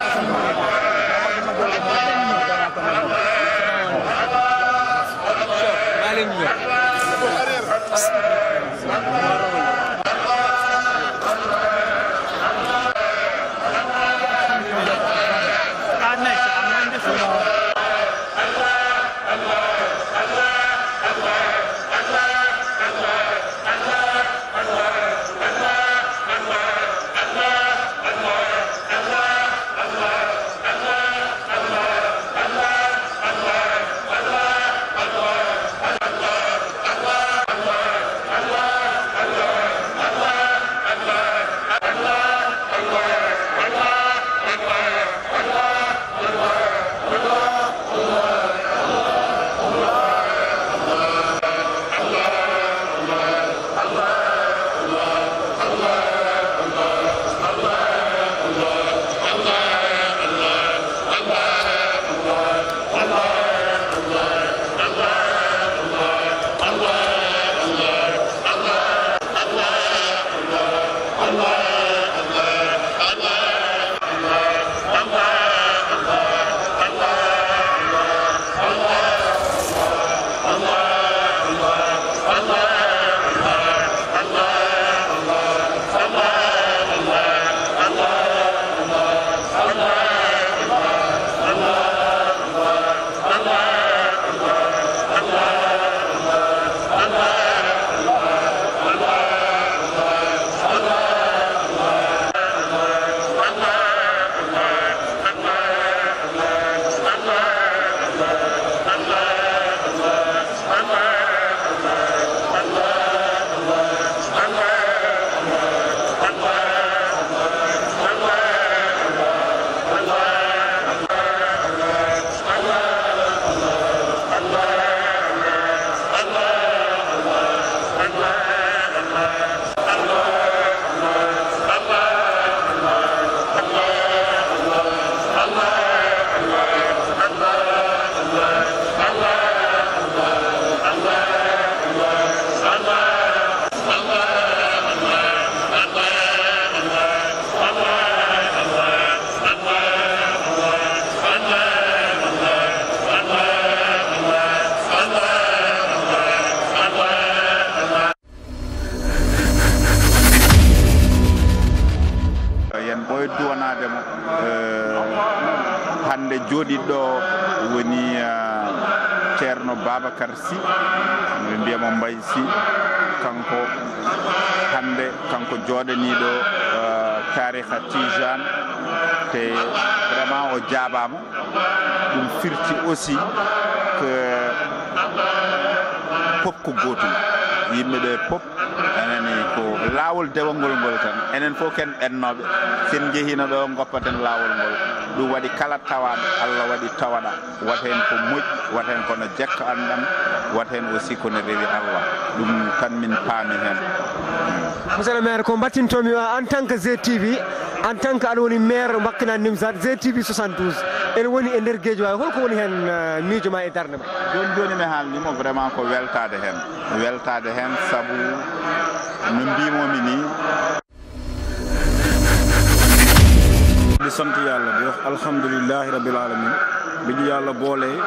maa leen ñëw Boubacar Sy ɓe mbiyamo Mbay si kanko hande kanko jooɗaniɗo euh, a tijane te vraiment o jaabama ɗum firti aussi que pop ko gotum yimɓeɓe pop eneni e ko laawol dewal ngol ngol tan enen fof ken ɓennoɓe sen jeehino ɗo goppaten laawol ngol ɗum waɗi kala tawaɗo allah waɗi tawaɗa waten ko moƴƴi waten kono jekka andam waten aussi kono rewi allah ɗum tan min paami hen monsieur maire ko mbattintomi o en tant que gtv en tant que aɗa woni maire makkinan nimsat gtv 72 ene woni e nder gueeji ma holko woni hen euh, miijo ma e darde ma joni joni di sant yàlla di wax alhamdulilahi rabil alamin bi ñu yàlla boolee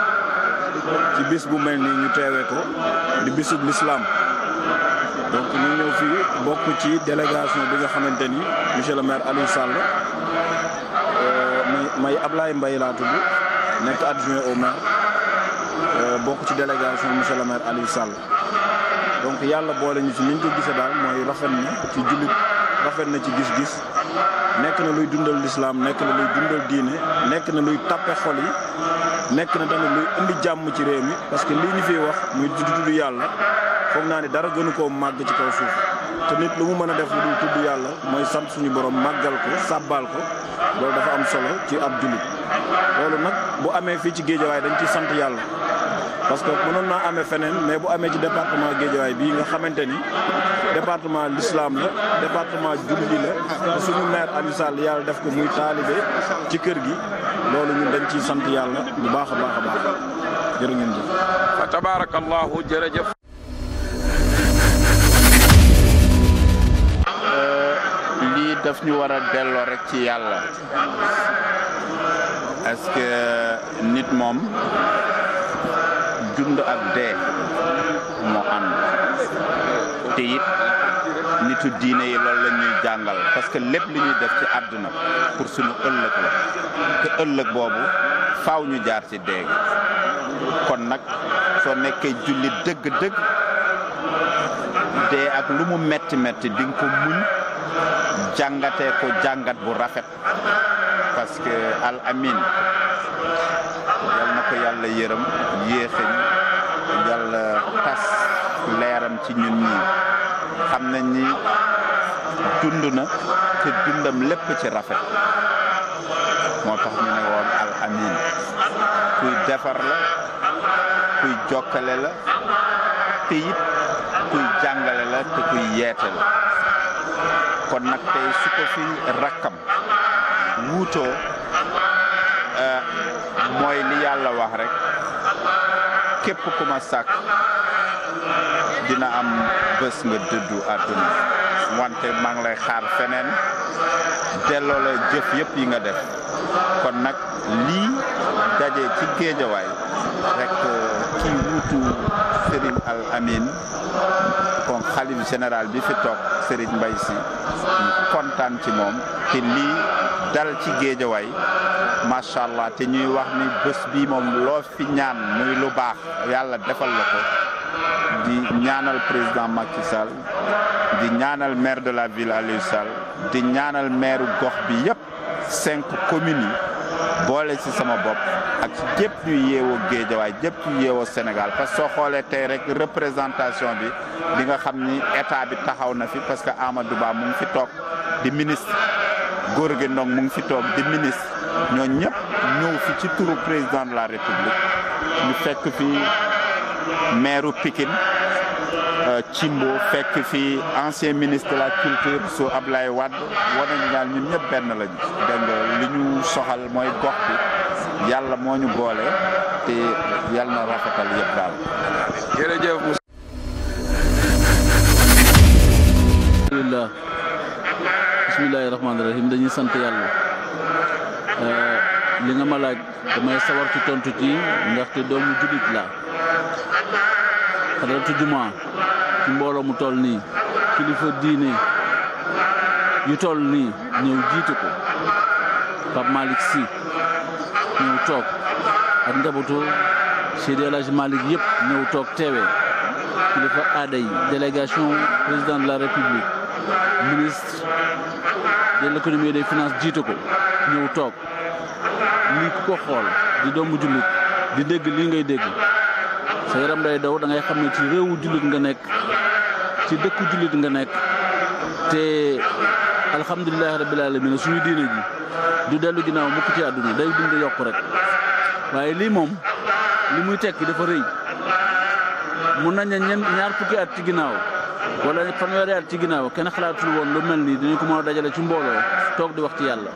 ci bis bu mel ni ñu teewee ko di bisub lislaam donc ñu fi bokk ci délégation bi nga xamante ni monsieur le maire Aliou Sall euh, may Ablaye Mbaye laa tudd nekk adjoint au maire euh, bokk ci délégation monsieur le maire Aliou Sall donc yàlla boole ñu ci niñ ko gisee daal mooy rafet na ci jullit rafet na ci gis-gis nekk na luy dundal lislaam nekk na luy dundal diine nekk na luy tàppe xol yi nekk na tamit luy indi jàmm ci réew mi parce que lii ñu fiy wax muy tudd yàlla foog naa ne dara gënu koo màgg ci kaw suuf te nit lu mu mën a def lu dul tudd yàlla mooy sant suñu borom màggal ko sàbbaal ko loolu dafa am solo ci ab jullit loolu nag bu amee fii ci géejawaay dañ ci sant yàlla parce que mënoon naa amee feneen mais bu amee ci département Guédiawaye bii nga xamante ni département l'islam la département julli la te suñu maire yàlla def ko muy taalibe ci kër gi loolu ñun dañ ciy sant yàlla bu baax a baax a baax jër ngeen jëf. Euh, lii daf ñu war a delloo rek ci yàlla parce nit moom. dund ak dee moo ànd te nitu diine yi loolu lañuy ñuy jàngal parce que lépp li ñuy def ci àdduna pour suñu ëllëg la te ëllëg boobu faw ñu jaar ci dee kon nag soo nekkee julli dëgg-dëgg dee ak lu mu metti metti di nga ko muñ jàngatee ko jàngat bu rafet parce que al amin ko yàlla yërëm yéexañ yàlla tas leeram ci ñun ñii xam nañ ni dund na te dundam lépp ci rafet moo tax ñu ne woon al kuy defar la kuy jokkale la te it kuy jàngale la te kuy yeete la kon nag tey su ko fi rakkam wuutoo euh, mooy li yàlla wax rek képp ku ma sàkk dina am bés nga dëddu àdduna wante maa ngi lay xaar feneen delloo la jëf yëpp yi nga def kon nag lii daje ci géejawaay rek kii euh, wuutu Serigne Al Amin kon xalif général bi fi toog Serigne Mbaye Sy kontaan ci moom te lii dal ci géejawaay macha allah te ñuy wax ni bés bi moom loo fi ñaan muy lu baax yàlla defal la ko di ñaanal président Macky di ñaanal maire de la ville Aliou Sall di ñaanal maire gox bi yëpp cinq communes yi boole ci sama bopp ak ci jëpp ñu yeewoo Géejawaay jëpp ñu Sénégal parce que xoolee tey rek représentation bi di nga xam ni état bi taxaw na fi parce que Amadou Ba mu ngi fi toog di ministre góor gi ndong mu ngi fi toog di ministre ñoo ñëpp ñëw fi ci turu président de la république ñu fekk fi maire pikin Cimbo euh, fekk fi ancien ministre la culture su Ablaye Wade wanañ daal ñun ñëpp benn lañu dégg li ñu soxal mooy gox bi yàlla moo ñu boole te yàlla na rafetal yëpp daal bismillaahi rahmaani rahim dañuy sant yàlla Euh, li nga ma laaj damay sawar ci tontu ci ndaxte doomu jullit la xadaratu jumaa ci mbooloo mu toll nii kilifa diine yu toll nii ñëw jiite ko Pape Malick si ñëw toog ak njabootu Seydi El Hadji Malick yëpp ñëw toog teewee kilifa aada yi délégation président de la république ministre de l'économie et des finances ko ñëw toog lii ku ko xool di doomu jullit di dégg lii ngay dégg sa yaram day daw da ngay xam ni ci réewu jullit nga nekk ci dëkku jullit nga nekk te alhamdulilahi rabbil alamin suñu diine ji du dellu ginnaaw mukk ci àdduna day dund yokk rek waaye lii moom li muy tekki dafa rëy mun nañ ne ñaar fukki at ci ginnaaw wala fanweeri at ci ginnaaw kenn xalaatul woon lu mel nii dañu ko mën a dajale ci mbooloo toog di wax ci yàlla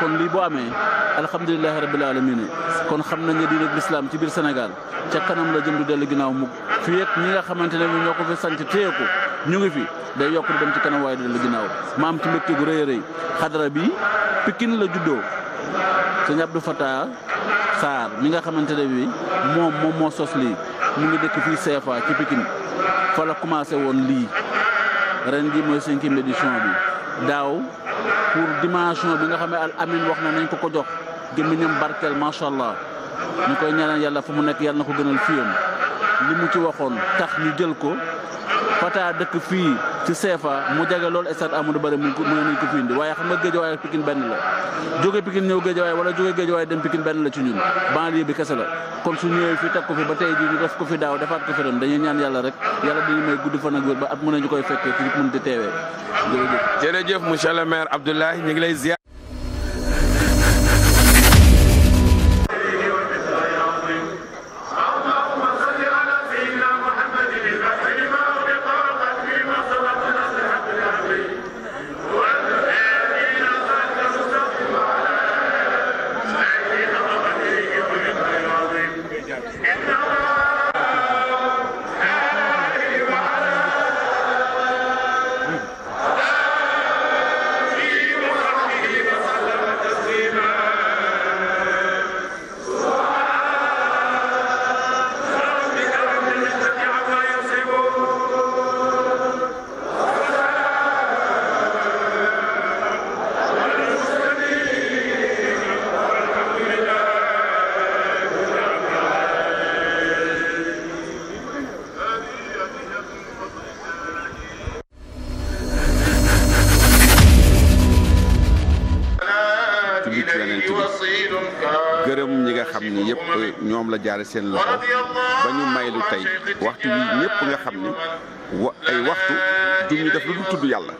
kon lii boo amee alhamdulilahi rabil alamin kon xam nañ ne diine lislaam ci biir senegal ca kanam la jëm du dellu ginnaaw mukk fii ak ñi nga xamante ne ñoo ko fi sant téye ko ñu ngi fi day yokk di dem ci kanam waaye du dellu ginnaaw ma am ci mbégte gu rëy a rëy xadara bi Pikine la juddoo sëñ Abdou Fatah Sarr mi nga xamante ne bi moom moom moo sos lii mu ngi dëkk fii CFA ci Pikine fa la commencé woon lii ren ji mooy cinquième édition bi pour dimension bi nga xamee ne al wax na nañ ko ko jox gémmiñam barkeel macha allah ñu koy ñaanal yàlla fu mu nekk yàlla na ko gënal fiyam li mu ci waxoon tax ñu jël ko Fata dëkk fii ci CFA mu jage loolu stade Amadou Barry mu ne nañ ko fi waaye xam nga Guédiawaye ak Pikine benn la jóge Pikine ñëw Guédiawaye wala jóge Guédiawaye dem Pikine benn la ci ñun banlieue bi kese la kon su ñëwee fi teg ko fi ba tey jii ñu def ko fi daaw defaat ko fi ren dañuy ñaan yàlla rek yàlla dañu may gudd fan ak wér ba at a nañu koy fekkee fi mën di teewee jërëjëf jërëjëf monsieur le maire ñu ngi lay ziar seen loxo ba ñu may lu tey waxtu yi ñëpp nga xam ni ay waxtu du ñu def lu dul tudd yàlla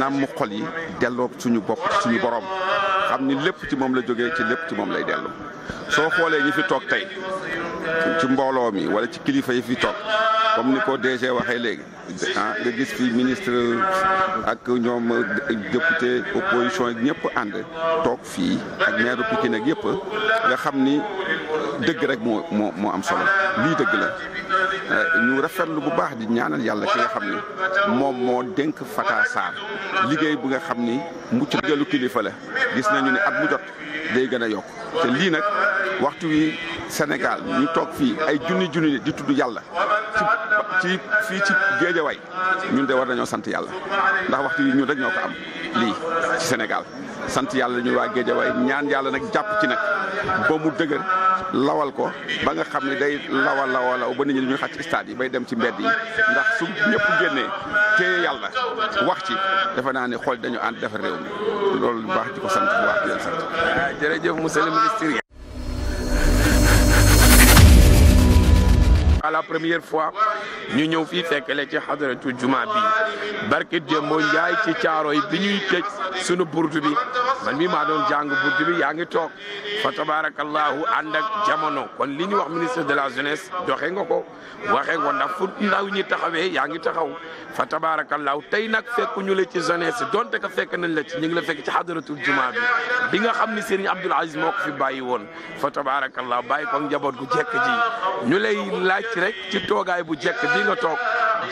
nàmm xol yi delloo suñu bopp suñu borom xam ni lépp ci moom la jóge ci lépp ci moom lay dellu soo xoolee ñi fi toog tey ci mbooloo mi wala ci kilifa yi fi toog comme ni ko DG waxee léegi ah nga gis fi ministre ak ñoom député opposition ak ñëpp ànd toog fii ak maire Pikine ak yëpp nga xam ni dëgg rek moo moo moo am solo lii dëgg la eh, ñu rafetlu bu baax di ñaanal yàlla ki nga xam ni moom moo dénk Fata liggéey bu nga xam ni mucc ndigalu kilifa la gis nañu ne at mu jot day gën a yokk te lii nag waxtu wi Sénégal ñu toog fii ay junni junni di tudd yàlla ci fii ci géejawaay ñun de war dañoo sant yàlla ndax wax yi ñun dañoo ñoo ko am lii ci Sénégal sant yàlla ñun waa géejawaay ñaan yàlla nag jàpp ci nag ba mu dëgër lawal ko ba nga xam ne day lawal lawal ba nit ñu ñuy xàcc stade yi bay dem ci mbedd yi ndax su ñëpp génnee téye yàlla wax ci defe naa ne xool dañu ànd defar réew mi loolu baax di ko sant bu baax di leen sant. jërëjëf monsieur le ministre à la première fois ñu ñëw fii fekkale ci xadaratu juma bi barke Demba Njaay ci caaro yi bi ñuy tëj sunu burdu bi man mi maa doon jàng burdu bi yaa ngi toog fa tabarakallahu ànd ak jamono kon li ñu wax ministre de la jeunesse doxe nga ko waxe nga ndax fu ndaw ñi taxawee yaa ngi taxaw fa tabarakallahu tey nag fekkuñu le ci jeunesse donte ka fekk nañ le ci ñu ngi la fekk ci xadaratul juma bi bi nga xam ni Serigne Abdoul Aziz moo ko fi bàyyi woon fa tabarakallahu bàyyi ko njaboot gu jekk ji rek ci toogaay bu jekk bii nga toog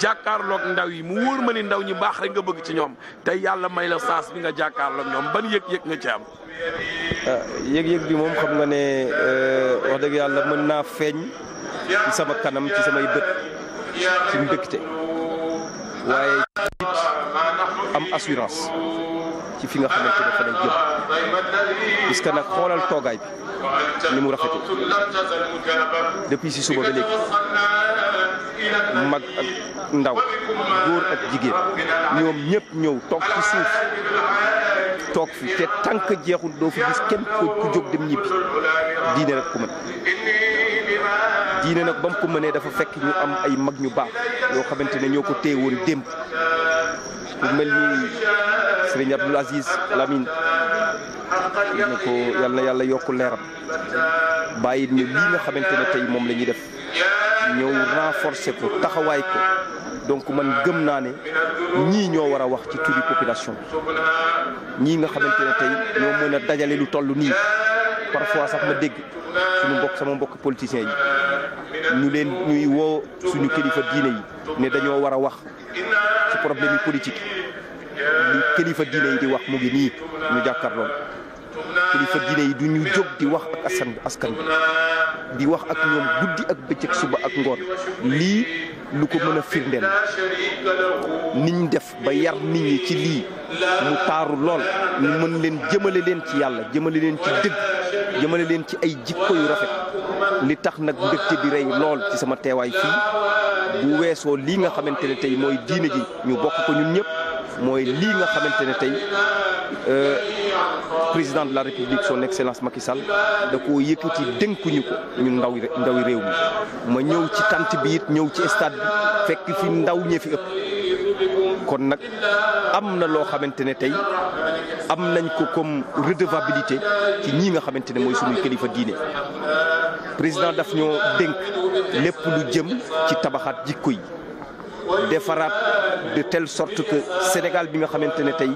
jàkkaarloog ndaw yi mu wóor ma ni ndaw ñi baax rek nga bëgg ci ñoom tey yàlla may la saas bi nga jàkkaarloog ñoom ban yëg-yëg nga ci am. Ah, yëg-yëg bi moom xam nga ne euh, wax dëgg yàlla mën naa feeñ ci sama kanam ci samay bët ci mbégte waaye am assurance. ci fi nga xamante ne fa lañ jëm nag xoolal toogaay bi ni mu rafetee depuis si suba ba léegi mag ak ndaw góor ak jigéen ñoom ñëpp ñëw toog ci suuf toog fi te tànk jeexul doo fi gis kenn ku jóg dem ñibbi diine rek ku mën diine nag ba mu ko mënee dafa fekk ñu am ay mag ñu baax yoo xamante ne ñoo ko téye woon démb ku mel ni Serigne Abdoul Aziz Lamine na ko yal na yàlla yokk leeram bàyyi ñu lii nga xamante ne tey moom la ñuy def ñëw renforcer ko taxawaay ko donc man gëm naa ne ñii ñoo war a wax ci turi population bi ñii nga xamante ne tey ñoo mën a dajale lu toll nii parfois sax ma dégg suñu mbokk sama mbokk politiciens yi ñu leen ñuy woo suñu kilifa diine yi ne dañoo war a wax ci problème yi politique li kilifa diine yi di wax mu ngi nii ñu jàkkaarloon kilifa diine yi du ñu jóg di wax ak askan askan bi di wax ak ñoom guddi ak bëccëg suba ak ngoon lii lu ko mën a firndeel niñ def ba yar nit ñi ci lii mu taaru lool ñu mën leen jëmale leen ci yàlla jëmale leen ci dëgg jëmale leen ci ay jikko yu rafet li tax nag mbégte bi rey lool ci sama teewaay fii bu weesoo lii nga xamante ne tey mooy diine ji ñu bokk ko ñun ñëpp mooy lii nga xamante ne tey euh, président de la république son excellence Macky Sall da koo yëkkati dénkuñu ko ñu ndaw ndawi réew mi ma ñëw ci tant bi it ñëw ci stade fekk fi ndaw ñee fi ëpp kon nag am na loo xamante ne tey am nañ ko comme redevabilité ci ñii nga xamante ne mooy suñuy kilifa diine président daf ñoo dénk lépp lu jëm ci tabaxaat jikko defaraat de telle sorte que Sénégal bi nga xamante ne tey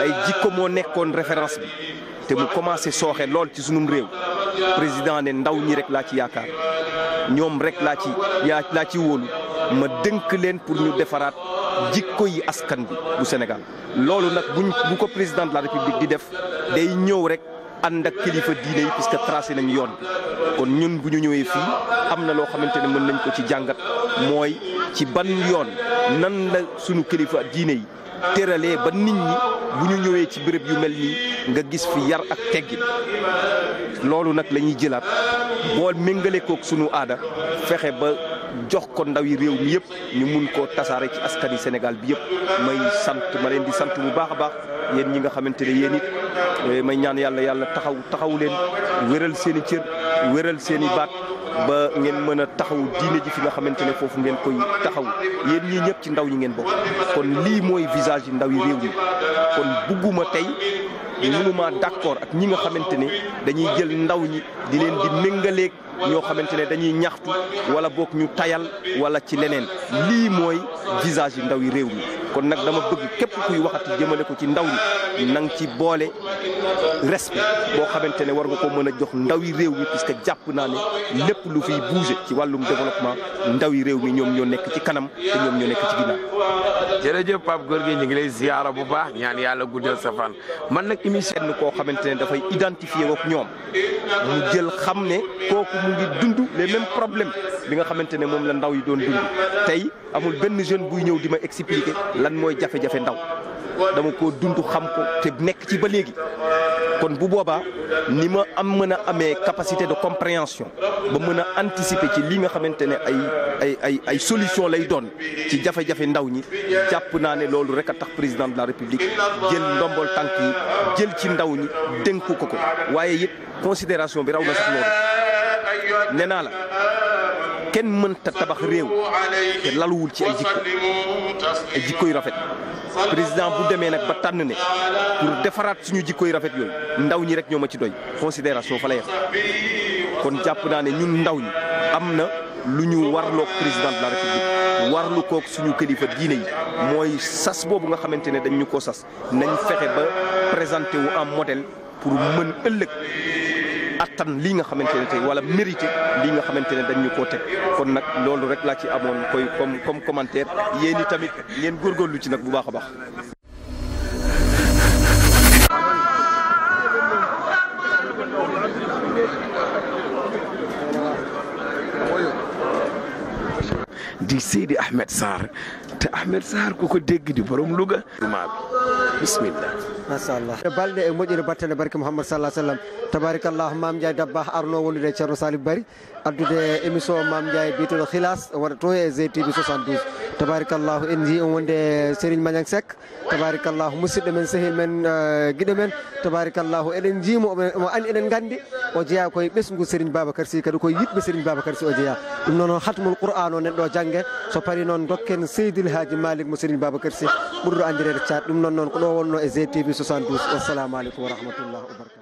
ay jikko moo nekkoon référence bi te mu commencé sooxe lool ci sunum réew président ne ndaw ñi rek laa ci yaakaar ñoom rek laa ci yaa laa ci wóolu ma dënk leen pour ñu defaraat jikko yi askan bi bu Sénégal loolu nag buñ bu ko président de la République di def day ñëw rek and ak kilifa diine yi que tracé nañ yoon bi kon ñun bu ñu ñëwee fii am na loo xamante ne mën nañ ko ci jàngat mooy ci ban yoon nan la sunu kilifa diine yi tëralee ba nit ñi bu ñu ñëwee ci béréb yi mel nii nga gis fi yar ak teggin loolu nag lañuy jëlaat boo méngale kook sunu aada fexe ba jox ko ndaw yi réew mi yëpp ñu mun koo tasaare ci askan yi Sénégal bi yëpp may sant ma leen di sant bu baax a baax yéen ñi nga xamante ne yéen eh, may ñaan yàlla yàlla taxaw taxaw leen wéral seeni cër wéral seen baat. ba ngeen mën a taxaw diine ji fi nga xamante ne foofu ngeen koy taxaw yéen ñii ñëpp ci ndaw ñi ngeen bokk kon lii mooy visage yi ndaw yi réew mi kon bugguma tey mënuma d'accord ak ñi nga xamante ne dañuy jël ndaw ñi di leen di méngaleeg ñoo xamante ne dañuy ñaxtu wala boog ñu tayal wala ci leneen lii mooy visage yi ndaw yi réew mi kon nag dama bëgg képp kuy waxati jëmale ko ci ndaw yi na nga ci boole respect boo xamante ne war nga ko mën a jox ndaw yi réew mi parce que jàpp naa ne lépp lu fi bouger ci wàllum développement ndaw yi réew mi ñoom ñoo nekk ci kanam te ñoom ñoo nekk ci ginnaaw. jërëjëf Pape Gorgui ñu ngi lay ziyaara bu baax ñaan yàlla guddal sa fan man nag émission. koo xamante ne dafay identifier ak ñoom ñu jël xam ne kooku mu ngi dund les mêmes problèmes bi nga xamante ne moom la ndaw yi doon dund tey amul benn jeune buy ñëw di ma expliquer lan mooy jafe-jafe ndaw dama ko dund xam ko te nekk ci ba léegi kon bu boobaa ni ma am mën a amee capacité de compréhension ba mën a anticiper ci li nga xamante ne ay ay ay ay solution lay doon ci jafe-jafe ndaw ñi jàpp naa ne loolu rek a tax président de la république jël ndombol tànk yi jël ci ndaw ñi dénku ko ko waaye it considération bi raw na sax loolu nee naa la kenn mënta tabax réew te laluwul ci ay jikko ay jikko yu rafet président bu demee nag ba tànn ne pour defaraat suñu jikkoy rafet yooyu ndaw ñi rek ñoo ma ci doy considération fa la yem kon jàpp naa ne ñun ndaw ñi am na lu ñu warloog président de la république warlu koog suñu kilifa diine yi mooy sas boobu nga xamante ne dañ ñu ko sas nañ fexe ba présenté wu en modèle pour mën ëllëg attan lii nga xamante ne tey wala mérité lii nga xamante ne dañ ñu koo teg kon nag loolu rek laa ci amoon koy comme comme commentaire yéen i tamit ngeen lu ci nag bu baax a baax. di Seydi Ahmed Sarr te Ahmed Sarr ku ko dégg di borom Louga. jumaa bi bismillah. macha allah balɗe e moƴƴere battane barke mouhammad sallah sallam tabarikallahu mam ndiaye dabba arno wondude ceerno salif bari addude émission mam ndiaye biteɗo hilas waɗa to e gtv tabarikallahu en jii on wonde sérigne magnang sek tabarikallahu musidɗo men sehil men uh, guiɗo men tabarikallahu eɗen jiimo omo andi eɗen gandi o jeeya koye ɓesgu sérigne babacar sy kadi koye yiɗɓe sérigne babacar sy o jeeya ɗum noon hatmul qouran neɗɗo janggue so paari noon dokken seydil haji malik mo sérigne babacar sy ɓurɗo andirede thiat ɗum noon noon ko ɗo wonno e gtv 72 wassalamu aleykum wa rahmatullah